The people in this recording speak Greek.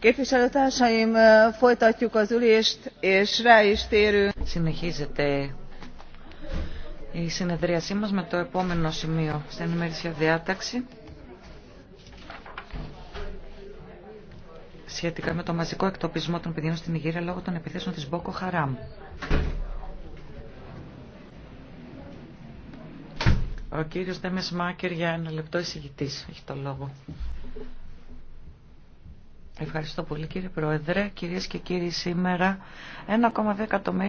Eh, Συνεχίζεται η συνεδρίασή μας με το επόμενο σημείο στην ημερήσια διάταξη σχετικά με το μαζικό εκτοπισμό των παιδιών στην Ιγύρια λόγω των επιθέσεων της Μπόκο Χαράμ. Ο κύριος Τέμες Μάκερ για ένα λεπτό εισηγητής έχει το λόγο. Ευχαριστώ πολύ κύριε Πρόεδρε. Κυρίες και κύριοι, σήμερα 1,2 εκατομμύρια